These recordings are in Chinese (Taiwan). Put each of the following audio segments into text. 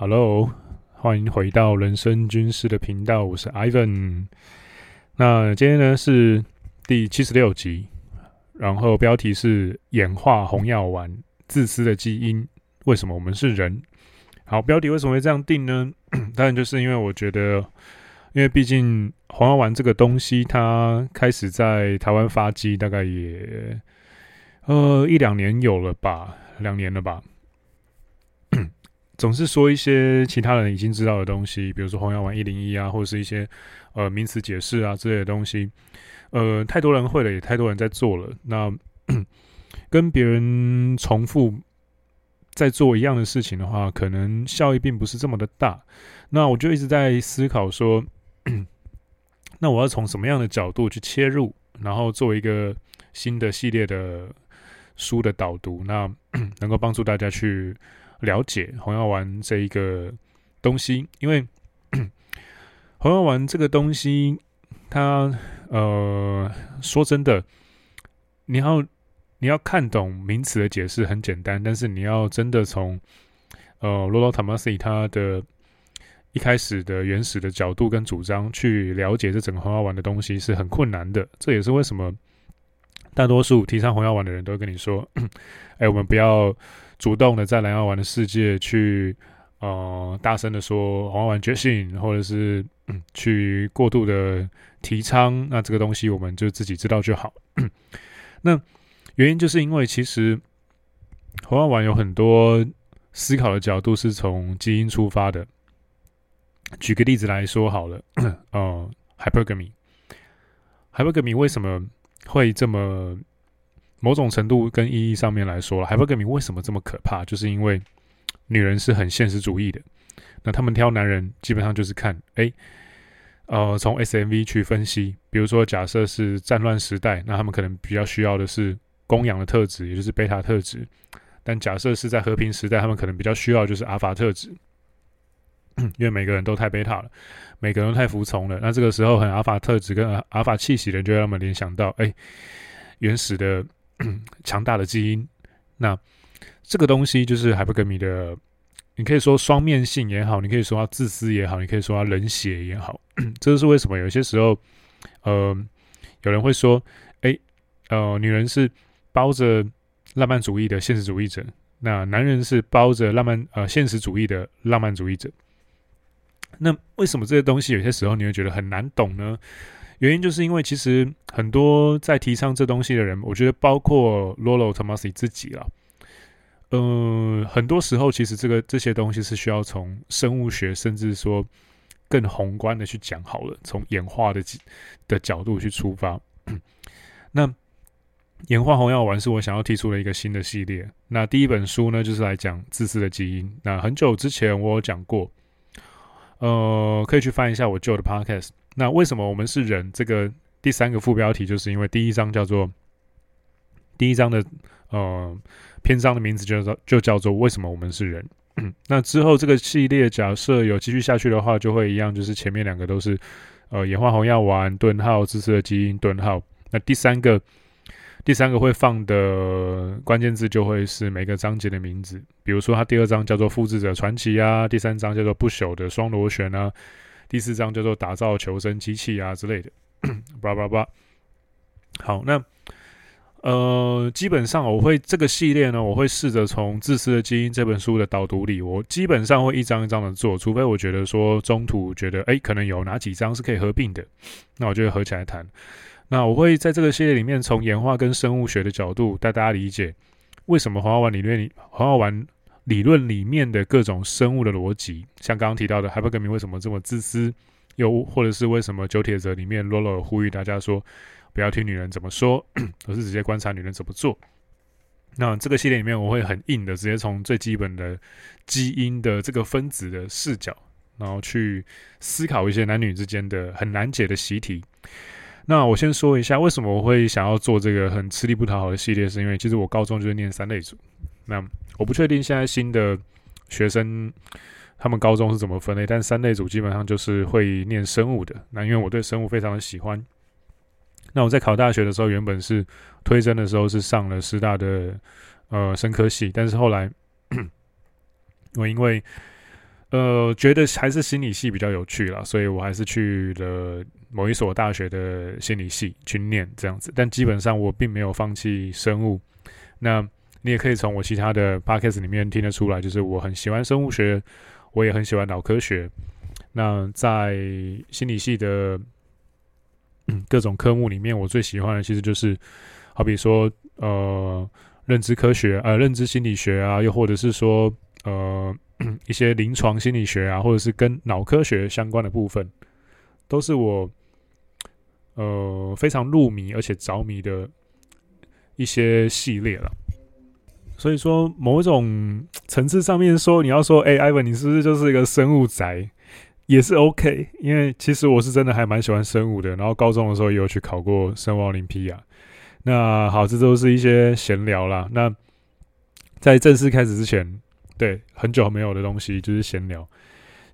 Hello，歡迎回到人生軍師的頻道，我是 Iven。那今天呢是第七十六集，然後標題是“演化紅藥丸，自私的基因，為什麼我們是人？”好，標題為什麼會這樣定呢？當然就是因為我覺得，因為畢竟紅藥丸這個東西，它開始在台灣發跡，大概也呃一兩年有了吧，兩年了吧。總是說一些其他人已經知道的東西，比如說《紅藥丸一零一》啊，或者是一些呃名詞解釋啊之類的東西，呃，太多人會了，也太多人在做了。那跟別人重複在做一樣的事情的話，可能效益並不是這麼的大。那我就一直在思考說，那我要從什麼樣的角度去切入，然後做一個新的系列的書的導讀，那能夠幫助大家去。了解紅藥丸這一個東西，因為紅藥丸這個東西，它呃，說真的，你要你要看懂名詞的解釋很簡單，但是你要真的從呃羅洛·托馬西他的一開始的原始的角度跟主張去了解這整個紅藥丸的東西是很困難的。這也是為什麼大多數提倡紅藥丸的人都跟你說：“哎，我們不要。”主動的在藍藥丸的世界去，呃，大聲的說紅藥丸覺醒，或者是，嗯、去過度的提倡，那這個東西我們就自己知道就好。 那原因就是因為其實紅藥丸有很多思考的角度是從基因出發的。舉個例子來說好了，Hypergamy，Hypergamy、 呃、Hypergamy 為什麼會這麼？某種程度跟意義上面來說了，海柏格米為什麼這麼可怕？就是因為女人是很現實主義的。那他們挑男人基本上就是看，哎、欸，呃，從 SMV 去分析。比如說，假設是戰亂時代，那他們可能比較需要的是供養的特質，也就是貝塔特質。但假設是在和平時代，他們可能比較需要的就是阿法特質，因為每個人都太貝塔了，每個人都太服從了。那這個時候，很阿法特質跟阿法氣息的人，就讓他們聯想到，哎、欸，原始的。強 大的基因，那這個東西就是 Hypergamy 的。你可以說雙面性也好，你可以說要自私也好，你可以說要冷血也好。 這是為什麼？有些時候，呃，有人會說，誒、欸，呃，女人是包着浪漫主義的現實主義者，那男人是包着浪漫呃現實主義的浪漫主義者。那為什麼這些東西有些時候你會覺得很難懂呢？原因就是因為其實很多在提倡這東西的人，我覺得包括 Rollo Tomassi 自己了。嗯、呃，很多時候其實這個這些東西是需要從生物學，甚至說更宏觀的去講好了，從演化的的角度去出發。 那《演化紅藥丸》是我想要提出的一個新的系列。那第一本書呢，就是來講自私的基因。那很久之前我有講過，呃，可以去翻一下我舊的 Podcast。那為什麼我們是人？這個第三個副標題，就是因為第一章叫做“第一章的呃篇章”的名字就，叫就叫做為什麼我們是人。 那之後這個系列，假設有繼續下去的話，就會一樣，就是前面兩個都是呃演化、紅藥丸頓號自私的基因頓號。那第三個第三個會放的關鍵字，就會是每個章節的名字，比如說它第二章叫做“複製者傳奇”啊，第三章叫做“不朽的雙螺旋”啊。第四章叫做“打造求生機器”啊之類的，叭叭叭。好，那呃，基本上我會這個系列呢，我會試着從《自私的基因》這本書的導讀裡，我基本上會一章一章的做，除非我覺得說中途覺得哎，可能有哪幾章是可以合併的，那我就會合起來談。那我會在這個系列裡面，從演化跟生物學的角度帶大家理解為什麼紅藥丸理論裡面紅藥丸理論裡面的各種生物的邏輯，像剛剛提到的 Hypergamy 為什麼這麼自私，又或者是為什麼九鐵者裡面 Rollo 呼籲大家說不要聽女人怎麼說，而是直接觀察女人怎麼做？那這個系列裡面我會很硬的，直接從最基本的基因的這個分子的視角，然後去思考一些男女之間的很難解的習題。那我先說一下，為什麼我會想要做這個很吃力不討好的系列，是因為其實我高中就是念三類組。那我不確定現在新的學生他們高中是怎麼分類，但三類組基本上就是會念生物的。那因為我對生物非常的喜歡，那我在考大學的時候，原本是推甄的時候是上了師大的呃生科系，但是後來我因為呃覺得還是心理系比較有趣了，所以我還是去了某一所大學的心理系去念這樣子。但基本上我並沒有放棄生物。那你也可以從我其他的 podcast 裡面聽得出來，就是我很喜歡生物學，我也很喜歡腦科學。那在心理系的，嗯，各種科目裡面，我最喜歡的其實就是好比說，呃，認知科學啊，呃，認知心理學啊，又或者是說，呃，一些臨床心理學啊，或者是跟腦科學相關的部分，都是我呃非常入迷而且着迷的一些系列了。所以說，某一種層次上面說，你要說，哎，Ivan，你是不是就是一個生物宅，也是 OK。因為其實我是真的還蠻喜歡生物的，然後高中的時候也有去考過生物奧林匹亞。那好，這都是一些閒聊啦。那在正式開始之前，對，很久沒有的東西就是閒聊，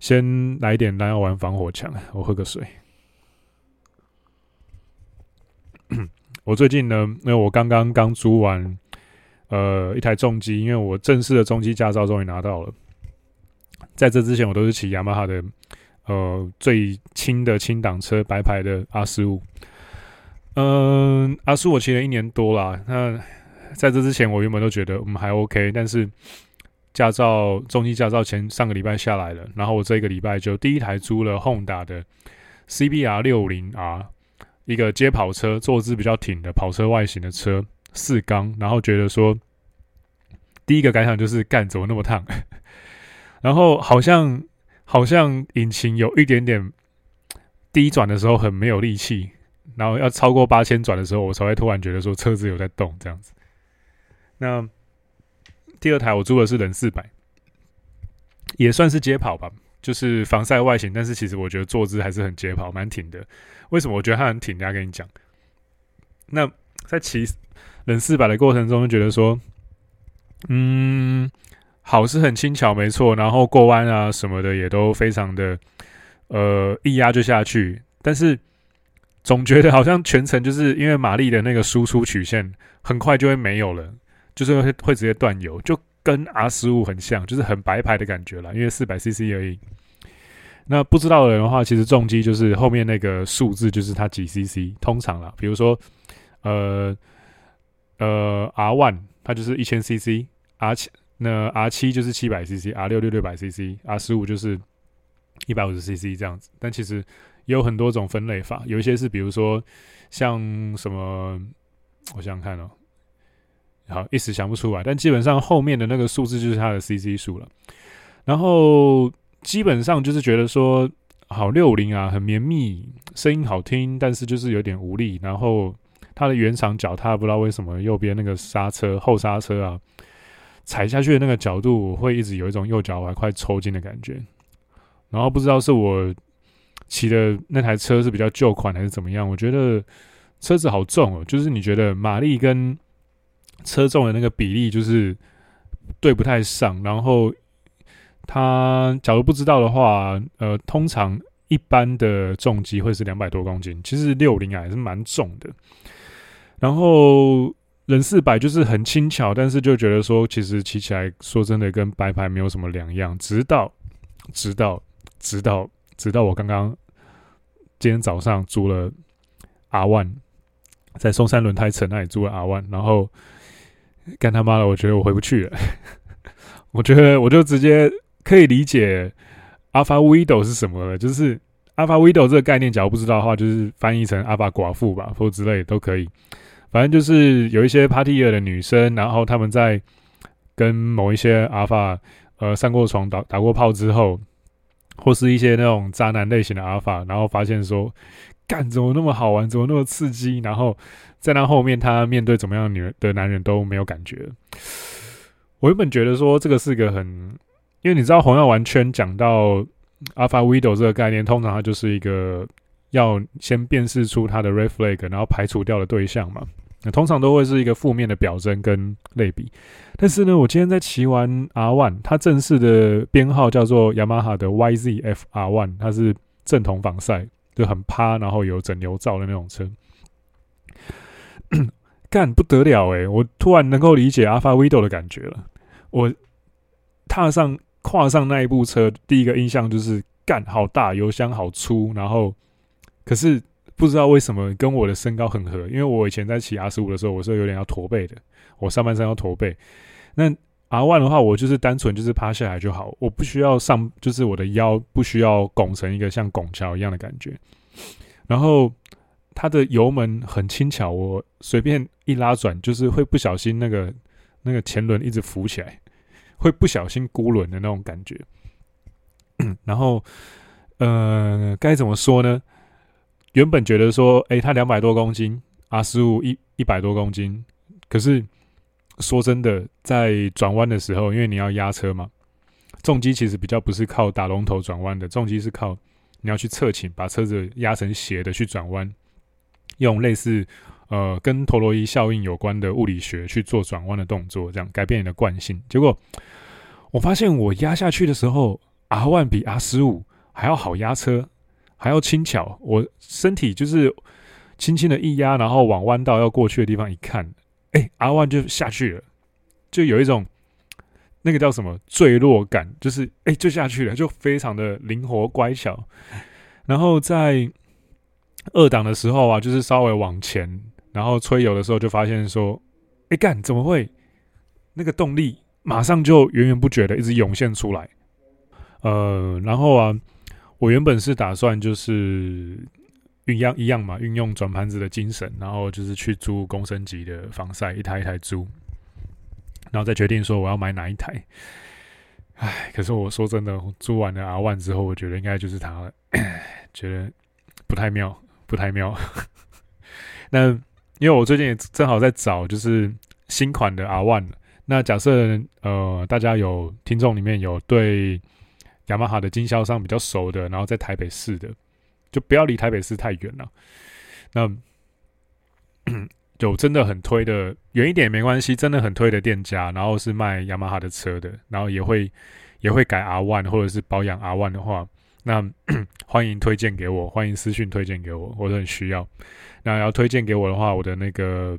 先來一點來玩防火牆。我喝個水。 我最近呢，因為我剛剛剛租完。呃，一台重機，因為我正式的重機駕照終於拿到了。在這之前，我都是騎雅馬哈的，呃，最輕的輕檔車，白牌的 R15。嗯、呃，R15，我騎了一年多啦，那在這之前，我原本都覺得我們還 OK，但是駕照重機駕照前上個禮拜下來了，然後我這一個禮拜就第一台租了 Honda 的 CBR 六零 R，一個街跑車，坐姿比較挺的跑車外形的車。四缸，然後覺得說，第一個感想就是幹，怎麼那麼燙？然後好像好像引擎有一點點低轉的時候很沒有力氣，然後要超過八千轉的時候，我才會突然覺得說車子有在動這樣子。那第二台我租的是忍四百，也算是街跑吧，就是仿賽外型，但是其實我覺得坐姿還是很街跑，蠻挺的。為什麼？我覺得它很挺，大家跟你講，那在騎。冷四百的過程中就覺得說，嗯，好是很輕巧沒錯，然後過彎啊什麼的也都非常的，呃，一壓就下去，但是總覺得好像全程就是因為馬力的那個輸出曲線很快就會沒有了，就是會會直接斷油，就跟 R 十五很像，就是很白牌的感覺了，因為四百 CC 而已。那不知道的人的話，其實重機就是後面那個數字就是它幾 CC，通常啦，比如說呃。呃，R one 它就是一千 CC，R 七那 R 七就是七百 CC，R 六六六百 CC，R 十五就是一百五十 CC 這樣子。但其實也有很多種分類法，有一些是比如說像什麼，我想想看哦，好一時想不出來。但基本上後面的那個數字就是它的 CC 數了。然後基本上就是覺得說，好六五零啊，很綿密，聲音好聽，但是就是有點無力。然後。它的原廠腳踏不知道為什麼，右邊那個剎車，後剎車啊，踩下去的那個角度會一直有一種右腳踝快抽筋的感覺。然後不知道是我騎的那台車是比較舊款還是怎麼樣，我覺得車子好重哦，喔，就是你覺得馬力跟車重的那個比例就是對不太上。然後他假如不知道的話，呃，通常一般的重機會是兩百多公斤，其實六零啊也是蠻重的。然後人四百就是很輕巧，但是就覺得說其實騎起、起來，說真的跟白牌沒有什麼兩樣。直到，直到，直到，直到我剛剛今天早上租了 R1，在松山輪胎城那裡租了 R1，然後幹他媽的，我覺得我回不去了。 我覺得我就直接可以理解 Alpha Widow 是什麼了，就是 Alpha Widow 這個概念，假如不知道的話，就是翻譯成 Alpha 寡婦吧，或之類都可以。反正就是有一些 partyer 的女生，然後她們在跟某一些 alpha 呃上過床打、打打過炮之後，或是一些那種渣男類型的 alpha，然後發現說，幹怎麼那麼好玩，怎麼那麼刺激，然後在他後面他面對怎麼樣女人的男人都沒有感覺。我原本覺得說這個是個很，因為你知道紅藥丸圈講到 alpha widow 這個概念，通常它就是一個要先辨識出他的 red flag，然後排除掉的對象嘛。啊、通常都會是一個負面的表徵跟類比，但是呢，我今天在騎完 R One，它正式的編號叫做雅馬哈的 YZF R One，它是正統仿賽，就很趴，然後有整流罩的那種車，幹 不得了誒、欸，我突然能夠理解 Alpha Widow 的感覺了。我踏上跨上那一部車，第一個印象就是幹，好大，油箱好粗，然後可是。不知道為什麼跟我的身高很合，因為我以前在騎 R 十五的時候，我是有點要駝背的，我上半身要駝背。那 R one 的話，我就是單純就是趴下來就好，我不需要上，就是我的腰不需要拱成一個像拱橋一樣的感覺。然後它的油門很輕巧，我隨便一拉轉，就是會不小心那個那個前輪一直浮起來，會不小心孤輪的那種感覺。 然後呃，該怎麼說呢？原本覺得說，它、欸、他兩百多公斤，R15 一一百多公斤，可是說真的，在轉彎的時候，因為你要壓車嘛，重機其實比較不是靠打龍頭轉彎的，重機是靠你要去側傾，把車子壓成斜的去轉彎，用類似呃跟陀螺儀效應有關的物理學去做轉彎的動作，這樣改變你的慣性。結果我發現我壓下去的時候，one R1 比 R15 還要好壓車。還要輕巧，我身體就是輕輕的一壓，然後往彎道要過去的地方一看，哎，R1 就下去了，就有一種那個叫什麼墜落感，就是哎，就下去了，就非常的靈活乖巧。然後在二檔的時候啊，就是稍微往前，然後催油的時候，就發現說，哎幹，怎麼會那個動力馬上就源源不絕的一直湧現出來？呃，然後啊。我原本是打算就是運樣一樣嘛，運用轉盤子的精神，然後就是去租公升級的防曬，一台一台租，然後再決定說我要買哪一台。唉，可是我說真的，租完了 R1 之後，我覺得應該就是他，覺得不太妙，不太妙。 那因為我最近也正好在找就是新款的 R1，那假設呃，大家有，聽眾裡面有對。雅馬哈的經銷商比較熟的，然後在台北市的，就不要離台北市太遠了。那有真的很推的，遠一點也沒關係，真的很推的店家，然後是賣雅馬哈的車的，然後也會也會改 R1 或者是保養 R1 的話，那歡迎推薦給我，歡迎私訊推薦給我，我很需要。那要推薦給我的話，我的那個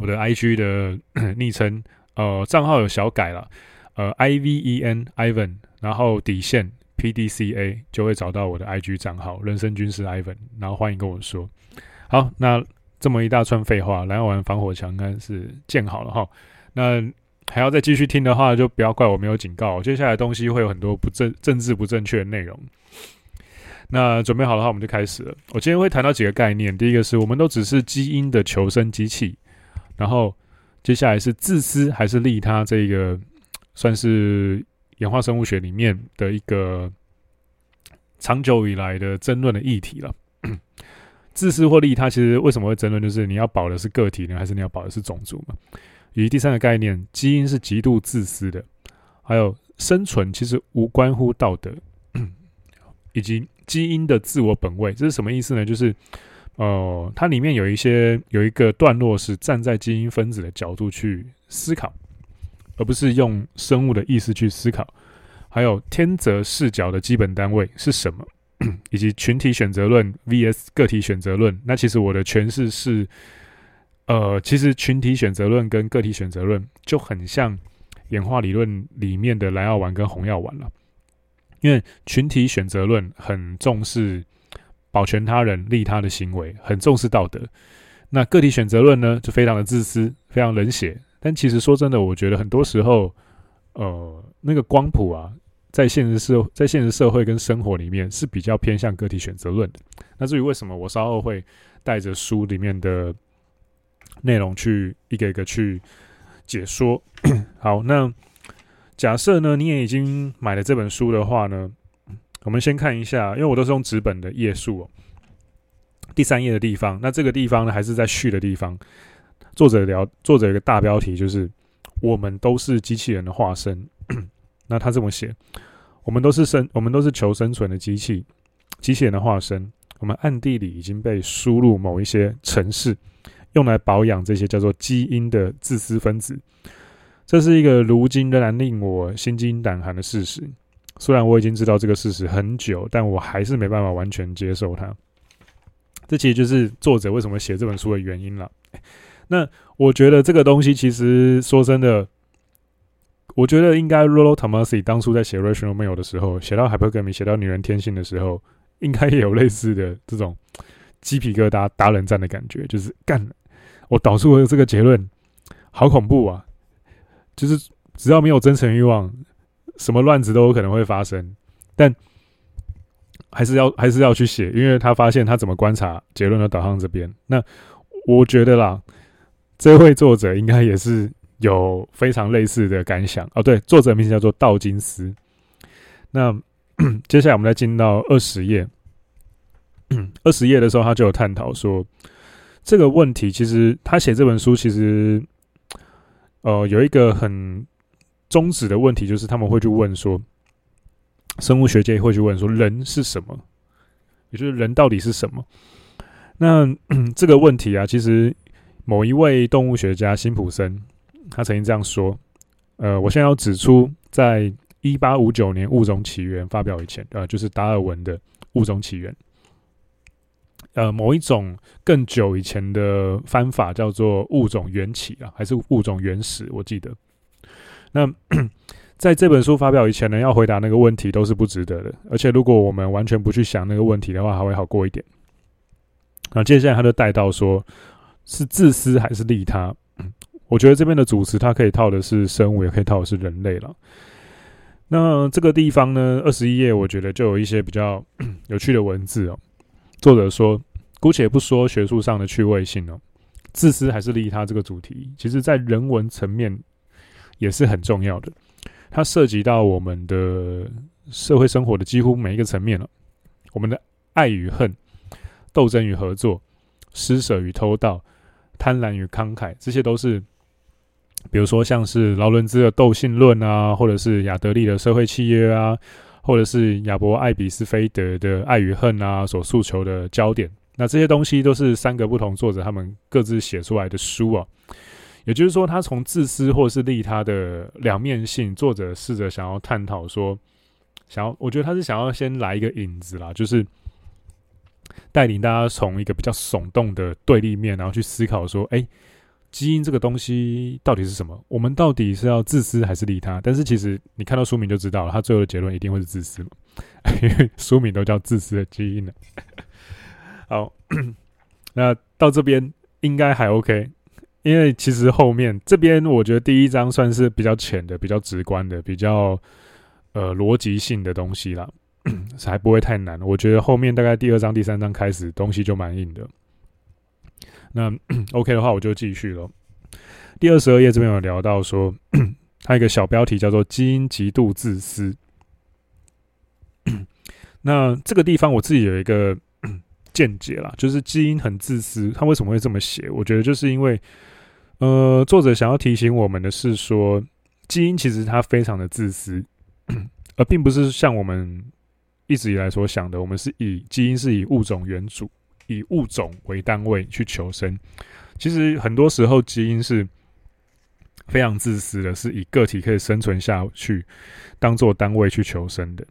我的 IG 的昵稱呃賬號有小改了。呃，I V E N Iven，-E、然後底線 P D C A 就會找到我的 I G 賬號人生軍師 Iven，-E、然後歡迎跟我說。好，那這麼一大串廢話，藍藥丸防火牆應該是建好了哈。那還要再繼續聽的話，就不要怪我沒有警告，接下來東西會有很多不正、政治不正確的內容。那準備好的話，我們就開始了。我今天會談到幾個概念，第一個是我們都只是基因的求生機器，然後接下來是自私還是利他這個。算是演化生物學裡面的一個長久以來的爭論的議題了。 自私或利他，它其實為什麼會爭論？就是你要保的是個體呢，還是你要保的是種族嘛？以及第三個概念，基因是極度自私的，還有生存其實無關乎道德， 以及基因的自我本位，這是什麼意思呢？就是哦，它裡面有一些有一個段落是站在基因分子的角度去思考，而不是用生物的意思去思考，還有天擇視角的基本單位是什麼，以及群體選擇論 vs 個體選擇論。那其實我的詮釋是，呃，其實群體選擇論跟個體選擇論就很像演化理論裡面的藍藥丸跟紅藥丸了。因為群體選擇論很重視保全他人、利他的行為，很重視道德；那個體選擇論呢，就非常的自私，非常冷血。但其實說真的，我覺得很多時候，呃，那個光譜啊，在現實社在現實社會跟生活裡面是比較偏向個體選擇論的。那至於為什麼，我稍後會帶着書裡面的內容去一個一個去解說。 好，那假設呢，你也已經買了這本書的話呢，我們先看一下，因為我都是用紙本的頁數哦。第三頁的地方，那這個地方呢，還是在序的地方。作者聊作者有一個大標題，就是“我們都是機器人的化身”。 那他這麼寫：“我們都是生，我們都是求生存的機器，機器人的化身。我們暗地裡已經被輸入某一些程式，用來保養這些叫做基因的自私分子。這是一個如今仍然令我心驚膽寒的事實。雖然我已經知道這個事實很久，但我還是沒辦法完全接受它。這其實就是作者為什麼寫這本書的原因了。”那我覺得這個東西其實說真的，我覺得應該 Rollo Tomasi 當初在寫《Rational Male》的時候，寫到 Hypergamy 寫到女人天性的時候，應該也有類似的這種雞皮疙瘩、打冷戰的感覺。就是幹我導出了這個結論，好恐怖啊！就是只要沒有真誠慾望，什麼亂子都有可能會發生。但還是要還是要去寫，因為他發現他怎麼觀察結論的導向這邊。那我覺得啦。這位作者應該也是有非常類似的感想哦。對，作者名字叫做道金斯。那接下來我們來進到二十頁。二十頁的時候，他就有探討說，這個問題其實他寫這本書其實呃有一個很宗旨的問題，就是他們會去問說，生物學界會去問說，人是什麼？也就是人到底是什麼？那這個問題啊，其實。某一位動物學家辛普森，他曾經這樣說：“呃，我現在要指出，在一八五九年《物種起源》發表以前，呃，就是達爾文的《物種起源》，呃，某一種更久以前的翻法叫做物種源起啊，還是物種原始？我記得。那在這本書發表以前呢，要回答那個問題都是不值得的。而且，如果我們完全不去想那個問題的話，還會好過一點。那、呃、接下來他就帶到說。”是自私還是利他？我覺得這邊的主詞，它可以套的是生物，也可以套的是人類了。那這個地方呢，二十一頁，我覺得就有一些比較有趣的文字哦。作者說，姑且不說學術上的趣味性哦，自私還是利他這個主題，其實在人文層面也是很重要的。它涉及到我們的社會生活的幾乎每一個層面了。我們的愛與恨，鬥爭與合作。施捨與偷盜，貪婪與慷慨，這些都是，比如說像是勞倫茲的《鬥性論》啊，或者是亞德利的《社會契約》啊，或者是亞伯·艾比斯菲德的《愛與恨》啊，所訴求的焦點。那這些東西都是三個不同作者他們各自寫出來的書啊。也就是說，他從自私或是利他的兩面性，作者試着想要探討說，想要，我覺得他是想要先來一個引子啦，就是。帶領大家從一個比較聳動的對立面，然後去思考說：“哎、欸，基因這個東西到底是什麼？我們到底是要自私還是利他？”但是其實你看到書名就知道了，他最後的結論一定會是自私嘛，因為 書名都叫《自私的基因》了。好， 那到這邊應該還 OK，因為其實後面這邊我覺得第一章算是比較淺的、比較直觀的、比較呃邏輯性的東西了。還不會太難，我覺得後面大概第二章、第三章開始東西就蠻硬的。那 OK 的話，我就繼續了。第二十二頁這邊有聊到說，它一個小標題叫做“基因極度自私”。那這個地方我自己有一個見解啦，就是基因很自私，它為什麼會這麼寫？我覺得就是因為，呃，作者想要提醒我們的是說，基因其實它非常的自私，而並不是像我們。一直以來所想的，我們是以基因，是以物種原主，以物種為單位去求生。其實很多時候，基因是非常自私的，是以個體可以生存下去當做單位去求生的。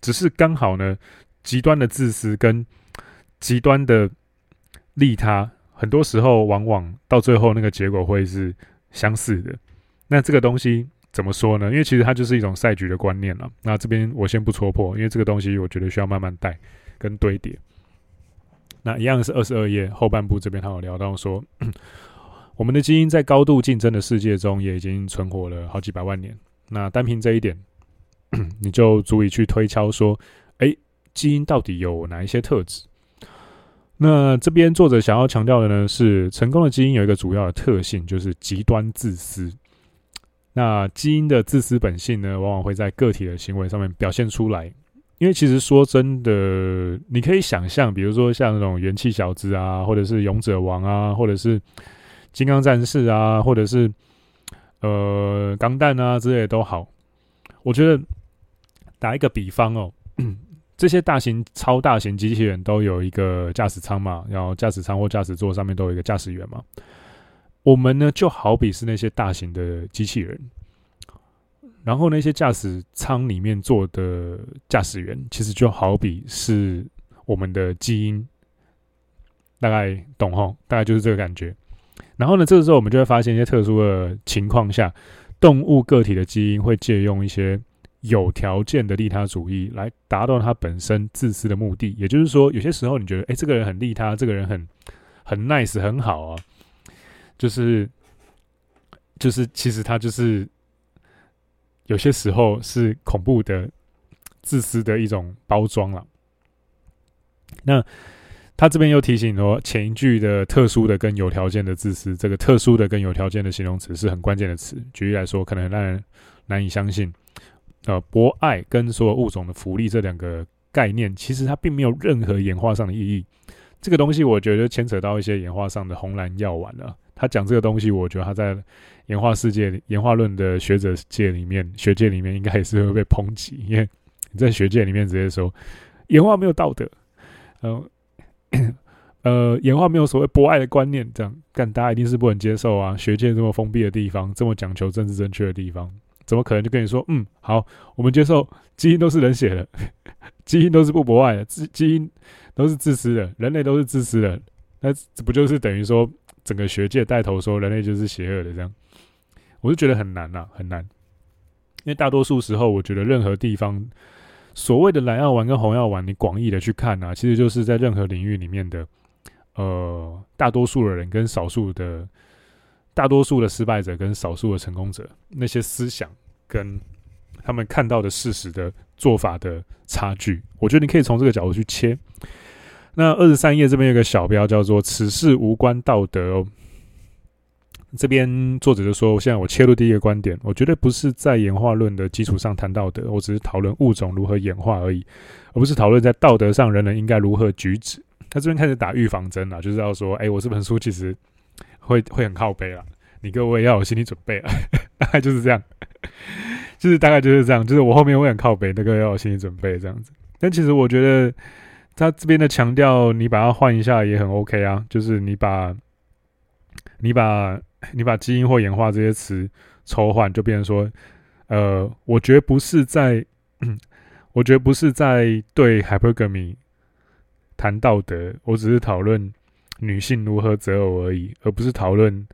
只是剛好呢，極端的自私跟極端的利他，很多時候往往到最後那個結果會是相似的。那這個東西。怎麼說呢？因為其實它就是一種賽局的觀念了。那這邊我先不戳破，因為這個東西我覺得需要慢慢帶跟堆疊。那一樣是二十二頁後半部，這邊還有聊到說，我們的基因在高度競爭的世界中也已經存活了好幾百萬年。那單憑這一點，你就足以去推敲說，哎、欸，基因到底有哪一些特質？那這邊作者想要強調的呢，是成功的基因有一個主要的特性，就是極端自私。那基因的自私本性呢，往往會在個體的行為上面表現出來。因為其實說真的，你可以想象，比如說像那種元氣小子啊，或者是勇者王啊，或者是金剛戰士啊，或者是呃鋼彈啊之類的都好。我覺得打一個比方哦，這些大型、超大型機器人都有一個駕駛艙嘛，然後駕駛艙或駕駛座上面都有一個駕駛員嘛。我們呢，就好比是那些大型的機器人，然後那些駕駛艙裡面坐的駕駛員，其實就好比是我們的基因，大概懂吼，大概就是這個感覺。然後呢，這個時候我們就會發現一些特殊的情況下，動物個體的基因會借用一些有條件的利他主義來達到它本身自私的目的。也就是說，有些時候你覺得，哎、欸，這個人很利他，這個人很很 nice，很好啊。就是，就是，其實他就是有些時候是恐怖的、自私的一種包裝了。那他這邊又提醒說，前一句的“特殊的”跟“有條件的自私”，這個“特殊的”跟“有條件的”形容詞是很關鍵的詞。舉例來說，可能讓人難，難以相信。呃，博愛跟所有物種的福利這兩個概念，其實它並沒有任何演化上的意義。這個東西，我覺得牽扯到一些演化上的紅藍藥丸了、啊。他講這個東西，我覺得他在演化世界、演化論的學者界裡面，學界裡面應該也是會被抨擊，因為你在學界裡面直接說演化沒有道德，嗯、呃，呃，演化沒有所謂博愛的觀念，這樣，但大家一定是不能接受啊。學界這麼封閉的地方，這麼講求政治正確的地方，怎麼可能就跟你說，嗯，好，我們接受基因都是冷血的，基因都是不博愛的，基因都是自私的，人類都是自私的，那不就是等於說？整個學界帶頭說人類就是邪惡的，這樣我就覺得很難吶、啊，很難。因為大多數時候，我覺得任何地方所謂的藍藥丸跟紅藥丸，你廣義的去看呢、啊，其實就是在任何領域裡面的呃，大多數的人跟少數的，大多數的失敗者跟少數的成功者，那些思想跟他們看到的事實的做法的差距，我覺得你可以從這個角度去切。那二十三頁這邊有一個小標叫做“此事無關道德”哦。這邊作者就說：“我現在我切入第一個觀點，我絕對不是在演化論的基礎上談道德，我只是討論物種如何演化而已，而不是討論在道德上人人應該如何舉止。”他這邊開始打預防針了，就是要說：“哎，我這本書其實會會很靠北了，你各位要有心理準備了。”大概就是這樣，就是大概就是這樣，就是我後面會很靠北，那個要有心理準備這樣子。但其實我覺得。他這邊的強調，你把它換一下也很 OK 啊。就是你把、你把、你把基因或演化這些詞抽換，就變成說：呃，我絕不是在，嗯、我絕不是在對 hypergamy 談道德，我只是討論女性如何擇偶而已，而不是討論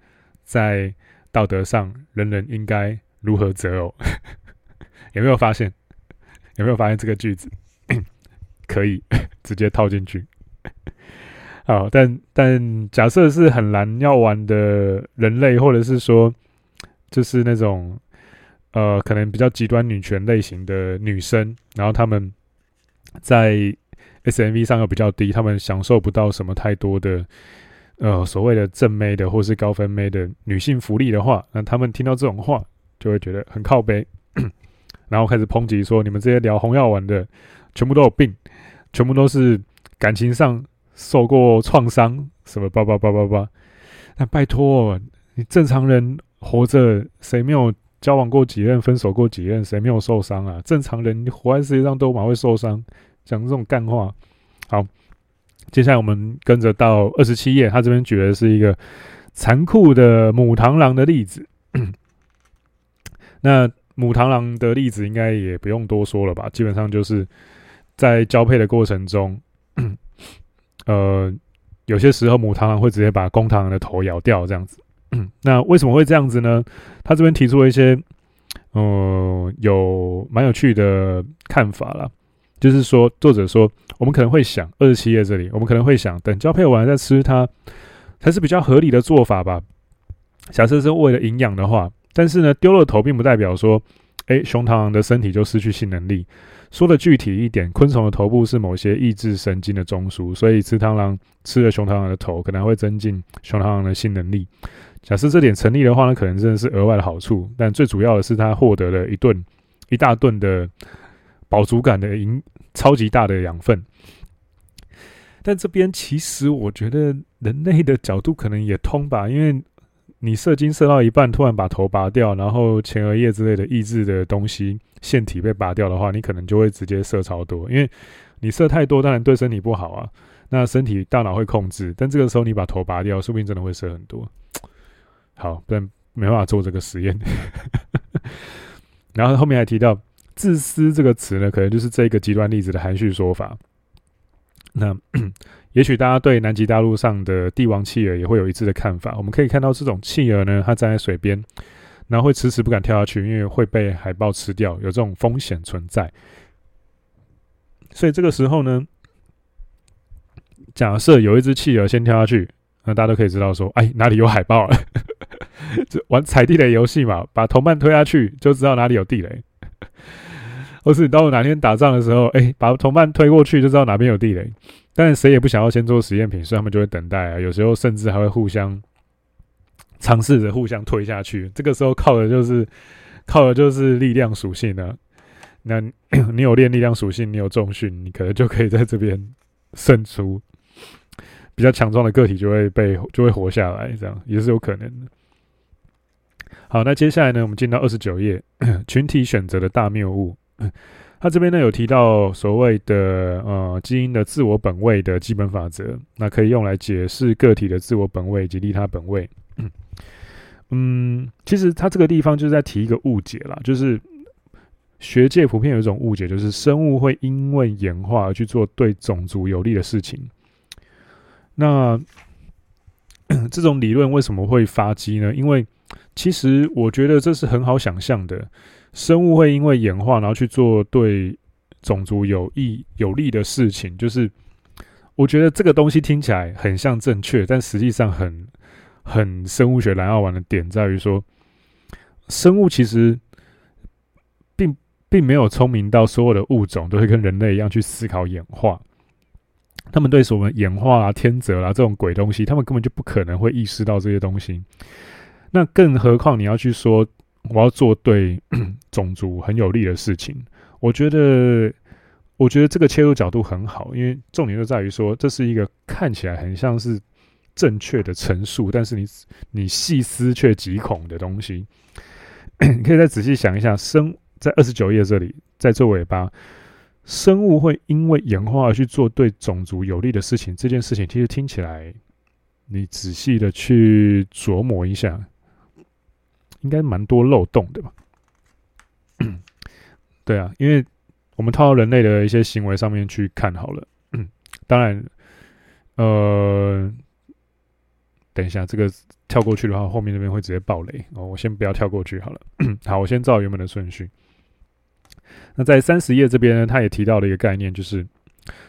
在道德上人人應該如何擇偶。 有沒有發現？有沒有發現這個句子？可以直接套進去。好，但但假設是很難要玩的人類，或者是說，就是那種呃，可能比較極端女權類型的女生，然後她們在 SMV 上又比較低，她們享受不到什麼太多的呃所謂的正妹的或是高分妹的女性福利的話，那她們聽到這種話就會覺得很靠北，然後開始抨擊說：“你們這些聊紅藥丸的全部都有病。”全部都是感情上受過創傷，什麼叭叭叭叭叭。那拜託喔，你正常人活着，誰沒有交往過幾任，分手過幾任，誰沒有受傷啊？正常人活在世界上都馬會受傷，講這種幹話。好，接下來我們跟着到二十七頁，他這邊舉的是一個殘酷的母螳螂的例子。那母螳螂的例子應該也不用多說了吧，基本上就是。在交配的過程中，呃，有些時候母螳螂會直接把公螳螂的頭咬掉，這樣子。那為什麼會這樣子呢？他這邊提出了一些，呃，有蠻有趣的看法啦。就是說，作者說，我們可能會想，二十七頁這裡，我們可能會想，等交配完再吃它，才是比較合理的做法吧。假設是為了營養的話，但是呢，丟了頭並不代表說，哎、欸，雄螳螂的身體就失去性能力。說的具體一點，昆蟲的頭部是某些抑制神經的中樞，所以吃螳螂吃了雄螳螂的頭，可能會增進雄螳螂的性能力。假設這點成立的話呢，可能真的是額外的好處。但最主要的是，它獲得了一頓一大頓的飽足感的營超級大的養分。但這邊其實我覺得人類的角度可能也通吧，因為。你射精射到一半，突然把頭拔掉，然後前額葉之類的抑制的東西腺體被拔掉的話，你可能就會直接射超多，因為你射太多，當然對身體不好啊。那身體大腦會控制，但這個時候你把頭拔掉，說不定真的會射很多。好，不然沒辦法做這個實驗。 然後後面還提到“自私”這個詞呢，可能就是這個極端例子的含蓄說法。那。也許大家對南極大陸上的帝王企鵝也會有一致的看法。我們可以看到，這種企鵝呢，它站在水邊，然後會遲遲不敢跳下去，因為會被海豹吃掉，有這種風險存在。所以這個時候呢，假設有一隻企鵝先跳下去，那大家都可以知道說，哎，哪裡有海豹了啊？ 就玩踩地雷遊戲嘛，把同伴推下去，就知道哪裡有地雷。或是到我哪天打仗的時候，哎、欸，把同伴推過去就知道哪邊有地雷，但誰也不想要先做實驗品，所以他們就會等待啊。有時候甚至還會互相嘗試着互相推下去。這個時候靠的就是，靠的就是力量屬性的，啊。那你有練力量屬性，你有重訓，你可能就可以在這邊勝出。比較強壯的個體就會被，就會活下來，這樣也是有可能的。好，那接下來呢，我們進到二十九頁，群體選擇的大謬誤。他這邊呢有提到所謂的呃基因的自我本位的基本法則，那可以用來解釋個體的自我本位以及利他本位嗯。嗯，其實他這個地方就是在提一個誤解啦，就是學界普遍有一種誤解，就是生物會因為演化而去做對種族有利的事情。那這種理論為什麼會發跡呢？因為其實我覺得這是很好想象的。生物會因為演化然後去做對種族有益有利的事情，就是我覺得這個東西聽起來很像正確，但實際上很很生物學藍藥丸的點在於說，生物其實並並沒有聰明到所有的物種都會跟人類一樣去思考演化，他們對什麼演化啊、天擇啦、啊、這種鬼東西，他們根本就不可能會意識到這些東西。那更何況你要去說。我要做對種族很有利的事情。我覺得，我覺得這個切入角度很好，因為重點就在於說，這是一個看起來很像是正確的陳述，但是你你細思卻極恐的東西。你可以再仔細想一下，生，在二十九頁這裡，在這尾巴，生物會因為演化而去做對種族有利的事情。這件事情其實聽起來，你仔細的去琢磨一下。應該蠻多漏洞的吧？ 對啊，因為我們套到人類的一些行為上面去看好了。嗯、當然，呃，等一下這個跳過去的話，後面那邊會直接爆雷哦。我先不要跳過去好了。 好，我先照原本的順序。那在三十頁這邊呢，他也提到了一個概念，就是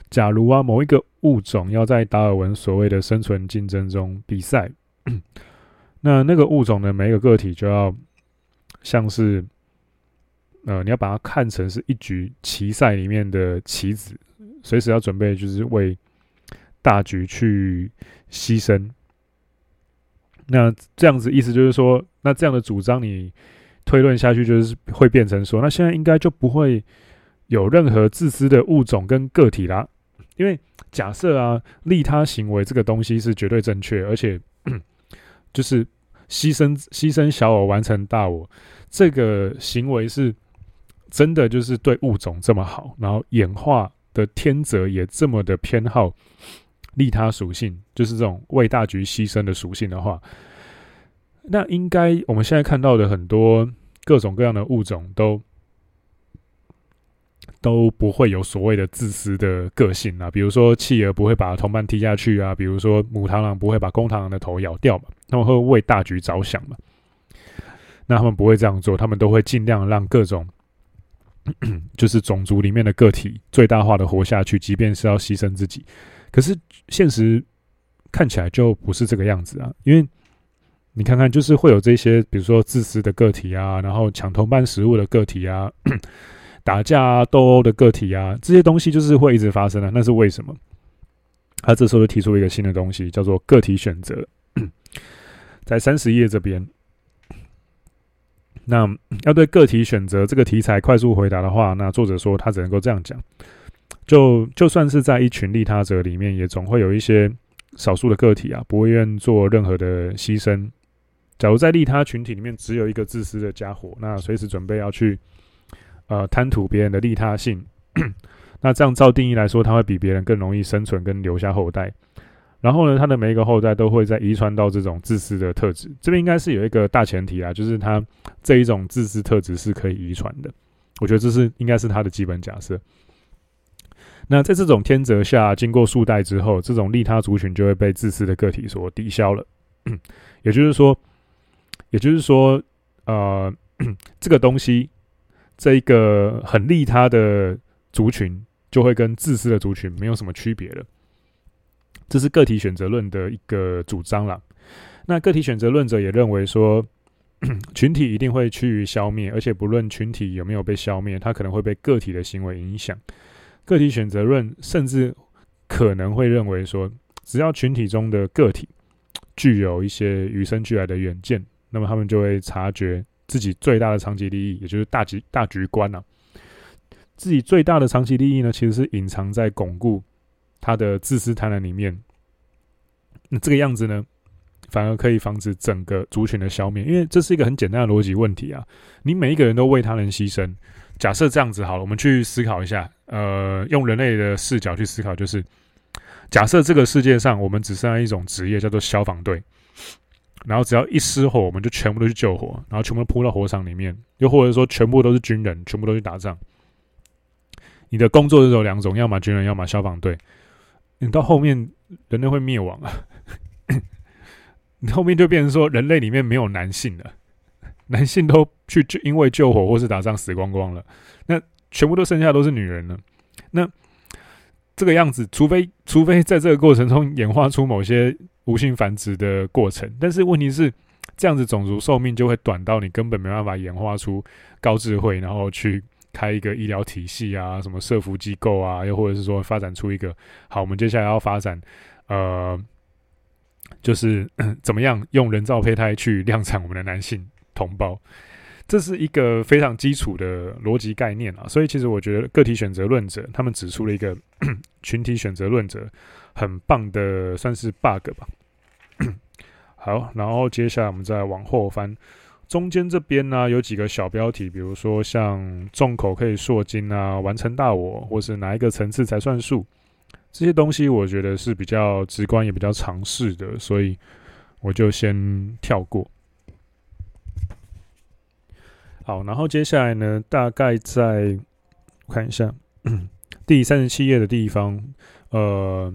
假如啊，某一個物種要在達爾文所謂的生存競爭中比賽。嗯那那個物種的每一個個體就要像是，呃，你要把它看成是一局棋賽裡面的棋子，隨時要準備就是為大局去犧牲。那這樣子意思就是說，那這樣的主張你推論下去就是會變成說，那現在應該就不會有任何自私的物種跟個體啦，因為假設啊，利他行為這個東西是絕對正確，而且就是。犧牲犧牲小我，完成大我，這個行為是真的，就是對物種這麼好，然後演化的天擇也這麼的偏好利他屬性，就是這種為大局犧牲的屬性的話，那應該我們現在看到的很多各種各樣的物種都。都不會有所謂的自私的個性啊，比如說，企鵝不會把同伴踢下去啊，比如說，母螳螂不會把公螳螂的頭咬掉嘛，他們會為大局着想嘛。那他們不會這樣做，他們都會盡量讓各種咳咳就是種族裡面的個體最大化的活下去，即便是要犧牲自己。可是現實看起來就不是這個樣子啊，因為你看看，就是會有這些，比如說自私的個體啊，然後搶同伴食物的個體啊。咳咳打架鬥、啊、毆的個體啊，這些東西就是會一直發生的、啊，那是為什麼？他這時候就提出一個新的東西，叫做個體選擇， 在三十頁這邊。那要對個體選擇這個題材快速回答的話，那作者說他只能夠這樣講：就就算是在一群利他者裡面，也總會有一些少數的個體啊，不會願做任何的犧牲。假如在利他群體裡面只有一個自私的家伙，那隨時準備要去。呃，貪圖別人的利他性， 那這樣照定義來說，他會比別人更容易生存跟留下後代。然後呢，他的每一個後代都會再遺傳到這種自私的特質。這邊應該是有一個大前提啊，就是他這一種自私特質是可以遺傳的。我覺得這是應該是他的基本假設。那在這種天擇下，經過數代之後，這種利他族群就會被自私的個體所抵消了。 也就是說，也就是說，呃， 這個東西。這一個很利他的族群，就會跟自私的族群沒有什麼區別了。這是個體選擇論的一個主張了。那個體選擇論者也認為說，群體一定會趨於消滅，而且不論群體有沒有被消滅，它可能會被個體的行為影響。個體選擇論甚至可能會認為說，只要群體中的個體具有一些與生俱來的遠見，那麼他們就會察覺。自己最大的長期利益，也就是大局大局觀啊。自己最大的長期利益呢，其實是隱藏在鞏固他的自私貪婪裡面。那、嗯、這個樣子呢，反而可以防止整個族群的消滅，因為這是一個很簡單的邏輯問題啊。你每一個人都為他人犧牲，假設這樣子好了，我們去思考一下。呃，用人類的視角去思考，就是假設這個世界上我們只剩下一種職業，叫做消防隊。然後只要一失火，我們就全部都去救火，然後全部都撲到火場裡面。又或者說，全部都是軍人，全部都去打仗。你的工作只有兩種，要麼軍人，要麼消防隊。你到後面人類會滅亡啊！ 你後面就變成說，人類裡面沒有男性了，男性都去救，因為救火或是打仗死光光了。那全部都剩下都是女人了。那這個樣子，除非除非在這個過程中演化出某些。無性繁殖的過程，但是問題是，這樣子種族壽命就會短到你根本沒辦法演化出高智慧，然後去開一個醫療體系啊，什麼社服機構啊，又或者是說發展出一個好，我們接下來要發展，呃，就是怎麼樣用人造胚胎去量產我們的男性同胞，這是一個非常基礎的邏輯概念啊。所以其實我覺得個體選擇論者他們指出了一個群體選擇論者。很棒的，算是 bug 吧。 好，然後接下來我們再往後翻中間這邊、啊，中間這邊呢，有幾個小標題，比如說像“眾口可以鑠金”啊，“完成大我”或是哪一個層次才算數，這些東西我覺得是比較直觀也比較常識的，所以我就先跳過。好，然後接下來呢，大概在看一下 第三十七頁的地方，呃。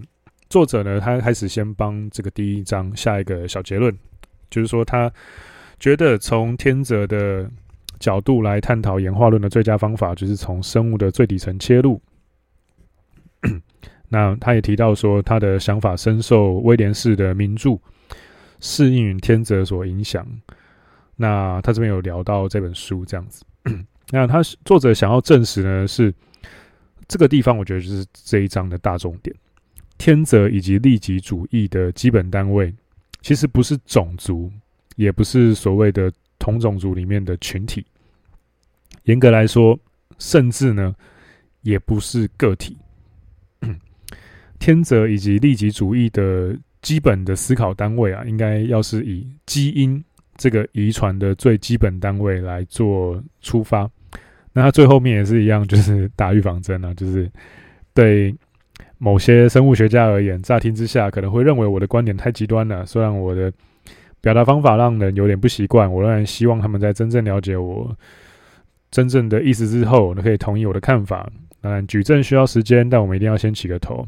作者呢，他開始先幫這個第一章下一個小結論，就是說他覺得從天擇的角度來探討演化論的最佳方法，就是從生物的最底層切入。 那他也提到說，他的想法深受威廉士的名著《適應天擇》所影響。那他這邊有聊到這本書這樣子。 那他作者想要證實呢，是這個地方，我覺得就是這一章的大重點。天擇以及利己主義的基本單位，其實不是種族，也不是所謂的同種族裡面的群體。嚴格來說，甚至呢，也不是個體。 天擇以及利己主義的基本的思考單位啊，應該要是以基因這個遺傳的最基本單位來做出發。那它最後面也是一樣，就是打預防針啊，就是對。某些生物學家而言，乍聽之下可能會認為我的觀點太極端了。雖然我的表達方法讓人有點不習慣，我仍然希望他們在真正了解我真正的意思之後，可以同意我的看法。當然，舉證需要時間，但我們一定要先起個頭。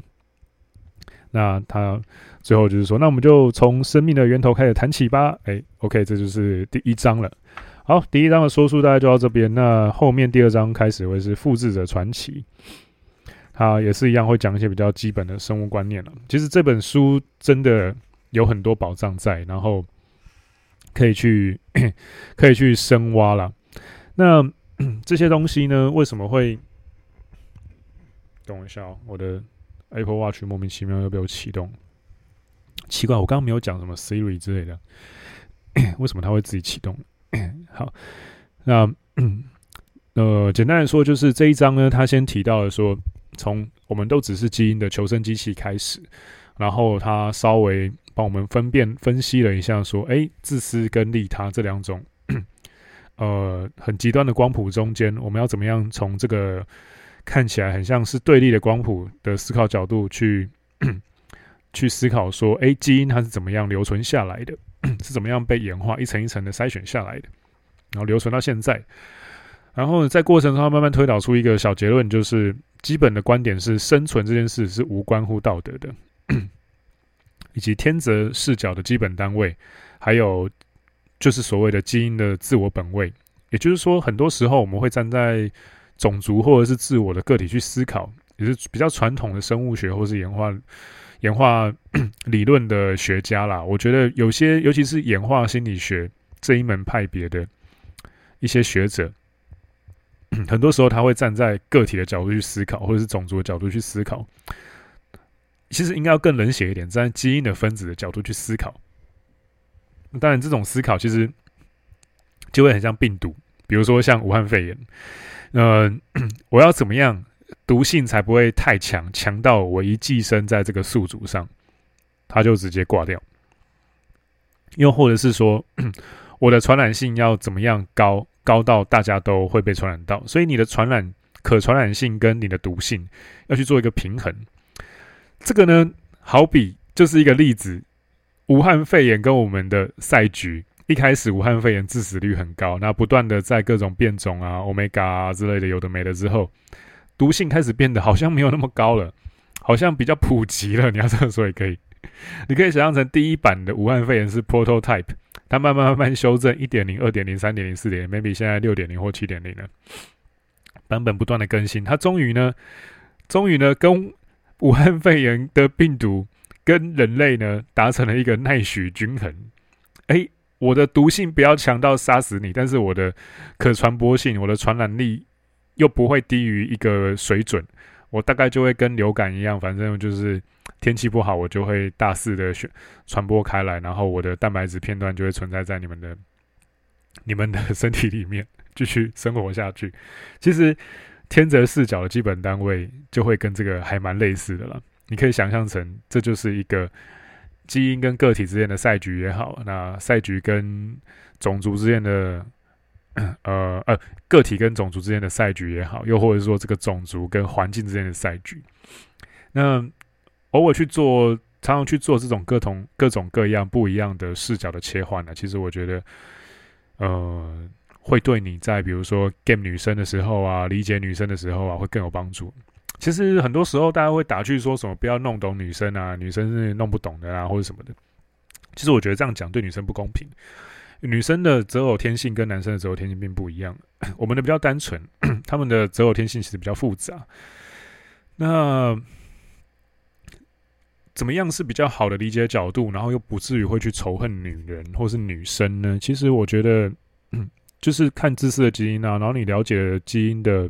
那他最後就是說，那我們就從生命的源頭開始談起吧。欸，OK，這就是第一章了。好，第一章的說書大概就到這邊。那後面第二章開始會是複製者傳奇。好，也是一樣，會講一些比較基本的生物觀念了。其實這本書真的有很多寶藏在，然後可以去可以去深挖了。那這些東西呢，為什麼會？等我一下哦，我的 Apple Watch 莫名其妙要被我啟動，奇怪，我剛剛沒有講什麼 Siri 之類的，為什麼它會自己啟動？好，那，嗯。呃，簡單來說，就是這一章呢，他先提到了說，從我們都只是基因的求生機器開始，然後他稍微幫我們分辨分析了一下，說，哎、欸，自私跟利他這兩種，呃，很極端的光譜中間，我們要怎麼樣從這個看起來很像是對立的光譜的思考角度去去思考，說，哎、欸，基因它是怎麼樣留存下來的，是怎麼樣被演化一層一層的篩選下來的，然後留存到現在。然後在過程中慢慢推導出一個小結論，就是基本的觀點是生存這件事是無關乎道德的，以及天擇視角的基本單位，還有就是所謂的基因的自我本位。也就是說，很多時候我們會站在種族或者是自我的個體去思考，也是比較傳統的生物學或是演化演化理論的學家啦。我覺得有些，尤其是演化心理學這一門派別的一些學者。很多時候他會站在個體的角度去思考，或者是種族的角度去思考。其實應該要更冷血一點，站在基因的分子的角度去思考。當然，這種思考其實就會很像病毒，比如說像武漢肺炎。那、呃、我要怎麼樣，毒性才不會太強，強到我一寄生在這個宿主上，它就直接掛掉。又或者是說，我的傳染性要怎麼樣高？高到大家都會被傳染到，所以你的傳染可傳染性跟你的毒性要去做一個平衡。這個呢，好比就是一個例子：武漢肺炎跟我們的賽局。一開始，武漢肺炎致死率很高，那不斷的在各種變種啊、Omega 啊之類的有的沒的之後，毒性開始變得好像沒有那麼高了，好像比較普及了。你要這麼說也可以，你可以想象成第一版的武漢肺炎是 prototype。它慢慢慢慢修正一點零、二點零、三點零、四點零，maybe 現在六點零或七點零的版本不斷的更新。它終於呢，終於呢，跟武漢肺炎的病毒跟人類呢達成了一個奈許均衡。誒，我的毒性不要強到殺死你，但是我的可傳播性、我的傳染力又不會低於一個水準。我大概就會跟流感一樣，反正就是天氣不好，我就會大肆的宣傳播開來，然後我的蛋白質片段就會存在在你們的、你們的身體裡面，繼續生活下去。其實天擇視角的基本單位就會跟這個還蠻類似的了，你可以想象成這就是一個基因跟個體之間的賽局也好，那賽局跟種族之間的呃呃。啊個體跟種族之間的賽局也好，又或者是說這個種族跟環境之間的賽局，那偶爾去做，常常去做這種各種各種各樣不一樣的視角的切換呢、啊，其實我覺得，呃，會對你在比如說 game 女生的時候啊，理解女生的時候啊，會更有幫助。其實很多時候大家會打趣說什麼不要弄懂女生啊，女生是弄不懂的啊，或者什麼的。其實我覺得這樣講對女生不公平。女生的擇偶天性跟男生的擇偶天性並不一樣，我們的比較單純，他們的擇偶天性其實比較複雜。那怎麼樣是比較好的理解角度，然後又不至於會去仇恨女人或是女生呢？其實我覺得，就是看自私的基因呢、啊，然後你了解了基因的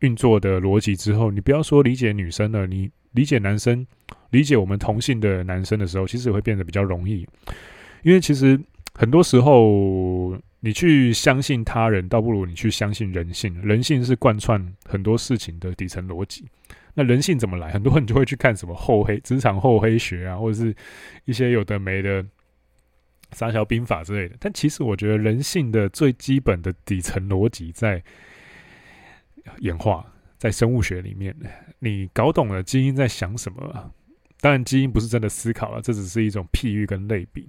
運作的邏輯之後，你不要說理解女生了，你理解男生，理解我們同性的男生的時候，其實也會變得比較容易，因為其實。很多時候，你去相信他人，倒不如你去相信人性。人性是貫穿很多事情的底層邏輯。那人性怎麼來？很多人就會去看什麼厚黑職場厚黑學啊，或者是一些有的沒的沙雕兵法之類的。但其實，我覺得人性的最基本的底層邏輯在演化，在生物學裡面。你搞懂了基因在想什麼、啊，當然基因不是真的思考了、啊，這只是一種譬喻跟類比。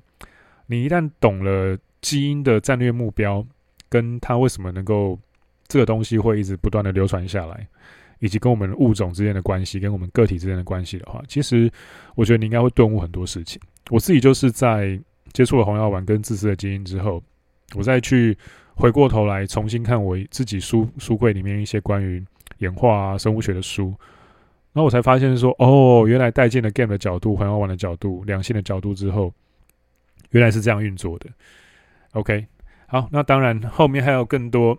你一旦懂了基因的戰略目標，跟它為什麼能夠這個東西會一直不斷的流傳下來，以及跟我們的物種之間的關係、跟我們個體之間的關係的話，其實我覺得你應該會頓悟很多事情。我自己就是在接觸了《紅藥丸》跟《自私的基因》之後，我再去回過頭來重新看我自己書書櫃裡面一些關於演化啊、生物學的書，然後我才發現說，哦，原來帶進了 Game 的角度、紅藥丸的角度、兩性的角度之後。原來是這樣運作的，OK，好，那當然後面還有更多。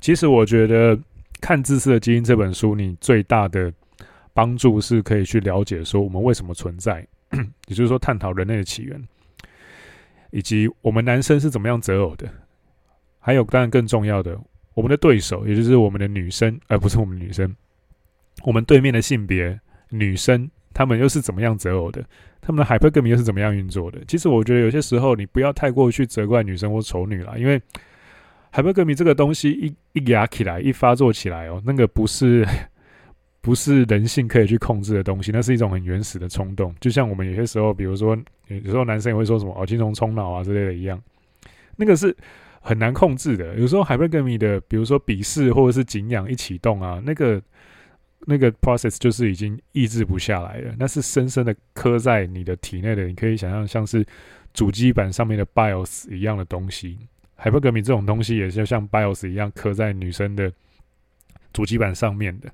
其實我覺得看《自私的基因》這本書，你最大的幫助是可以去了解說我們為什麼存在，也就是說探討人類的起源，以及我們男生是怎麼樣擇偶的。還有，當然更重要的，我們的對手，也就是我們的女生，而、呃、不是我們女生，我們對面的性別女生。他們又是怎麼樣擇偶的？他們的 Hypergamy 又是怎麼樣運作的？其實我覺得有些時候你不要太過去責怪女生或仇女啦，因為 Hypergamy 這個東西一一壓起來、一發作起來哦，那個不是不是人性可以去控制的東西，那是一種很原始的衝動。就像我們有些時候，比如說有時候男生也會說什麼“哦，精蟲衝腦”啊之類的一樣，那個是很難控制的。有時候 Hypergamy 的，比如說鄙視或者是景仰一啟動啊，那個。那個 process 就是已經抑制不下來了，那是深深的刻在你的體內的。你可以想象像，像是主機板上面的 bios 一樣的東西，Hypergamy 這種東西也是要像 bios 一樣刻在女生的主機板上面的。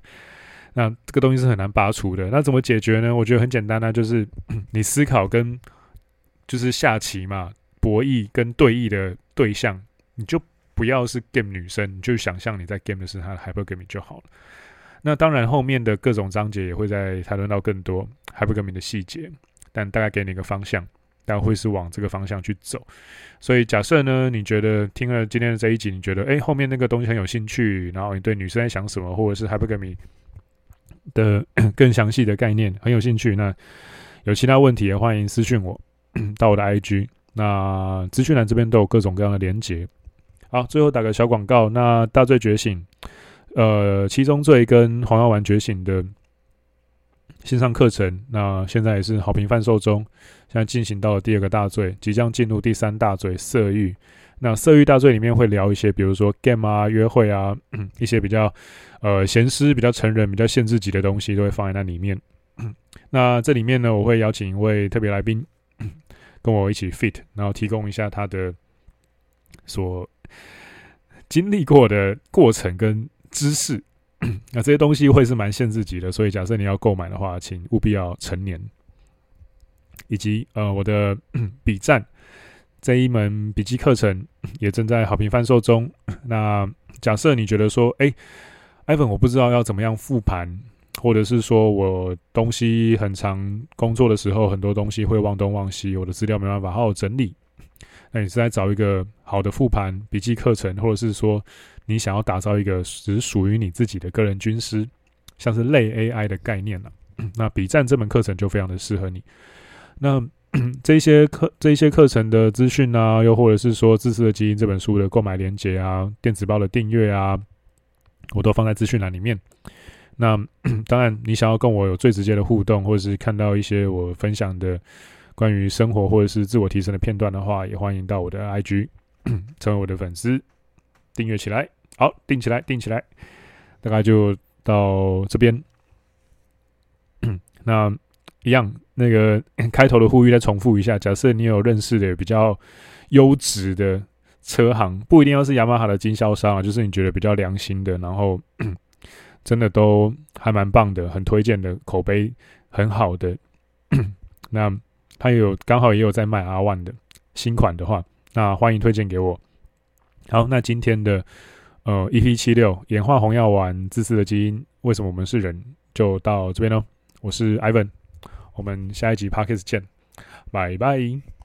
那這個東西是很難拔除的。那怎麼解決呢？我覺得很簡單，那就是你思考跟就是下棋嘛，博弈跟對弈的對象，你就不要是 game 女生，你就想象你在 game 的是她的 Hypergamy 就好了。那當然，後面的各種章節也會在談論到更多 Hypergamy 的細節，但大概給你一個方向，但會是往這個方向去走。所以假設呢，你覺得聽了今天的這一集，你覺得哎、欸，後面那個東西很有興趣，然後你對女生在想什麼，或者是 Hypergamy 的更詳細的概念很有興趣，那有其他問題也歡迎私信我，到我的 IG，那資訊欄這邊都有各種各樣的連結。好，最後打個小廣告，那大罪覺醒。呃，七宗罪跟黃藥丸覺醒的線上課程，那現在也是好評販售中。現在進行到了第二個大罪，即將進入第三大罪色欲。那色欲大罪裡面會聊一些，比如說 game 啊、約會啊，一些比較呃，鹹濕、比較成人、比較限制級的東西，都會放在那裡面。那這裡面呢，我會邀請一位特別來賓，跟我一起 fit，然後提供一下他的所經歷過的過程跟。姿勢，那、啊、這些東西會是蠻限制級的，所以假設你要購買的話，請務必要成年。以及呃，我的筆戰這一門筆記課程也正在好評販售中。那假設你覺得說，哎、欸，Iven 我不知道要怎麼樣復盤，或者是說我東西很長，工作的時候很多東西會忘東忘西，我的資料沒辦法好好整理。那你是在找一個好的復盤筆記課程，或者是說你想要打造一個只屬於你自己的個人軍師，像是類 AI 的概念呢、啊？那筆戰這門課程就非常的適合你。那這些課、這一些課程的資訊啊，又或者是說《自私的基因》這本書的購買連結啊，電子報的訂閱啊，我都放在資訊欄裡面。那當然，你想要跟我有最直接的互動，或者是看到一些我分享的。關於生活或者是自我提升的片段的話，也歡迎到我的 IG 成為我的粉絲，訂閱起來，好，訂起來，訂起來。大概就到這邊。 那一樣，那個開頭的呼籲再重複一下。假設你有認識的比較優質的車行，不一定要是雅馬哈的經銷商啊，就是你覺得比較良心的，然後 真的都還蠻棒的，很推薦的，口碑很好的 那。他也有剛好也有在賣阿萬的新款的話，那歡迎推薦給我。好，那今天的呃 EP 七六，演化紅藥丸、自私的基因，為什麼我們是人？就到這邊嘍、哦。我是 Ivan，我們下一集 Podcast 見，拜拜。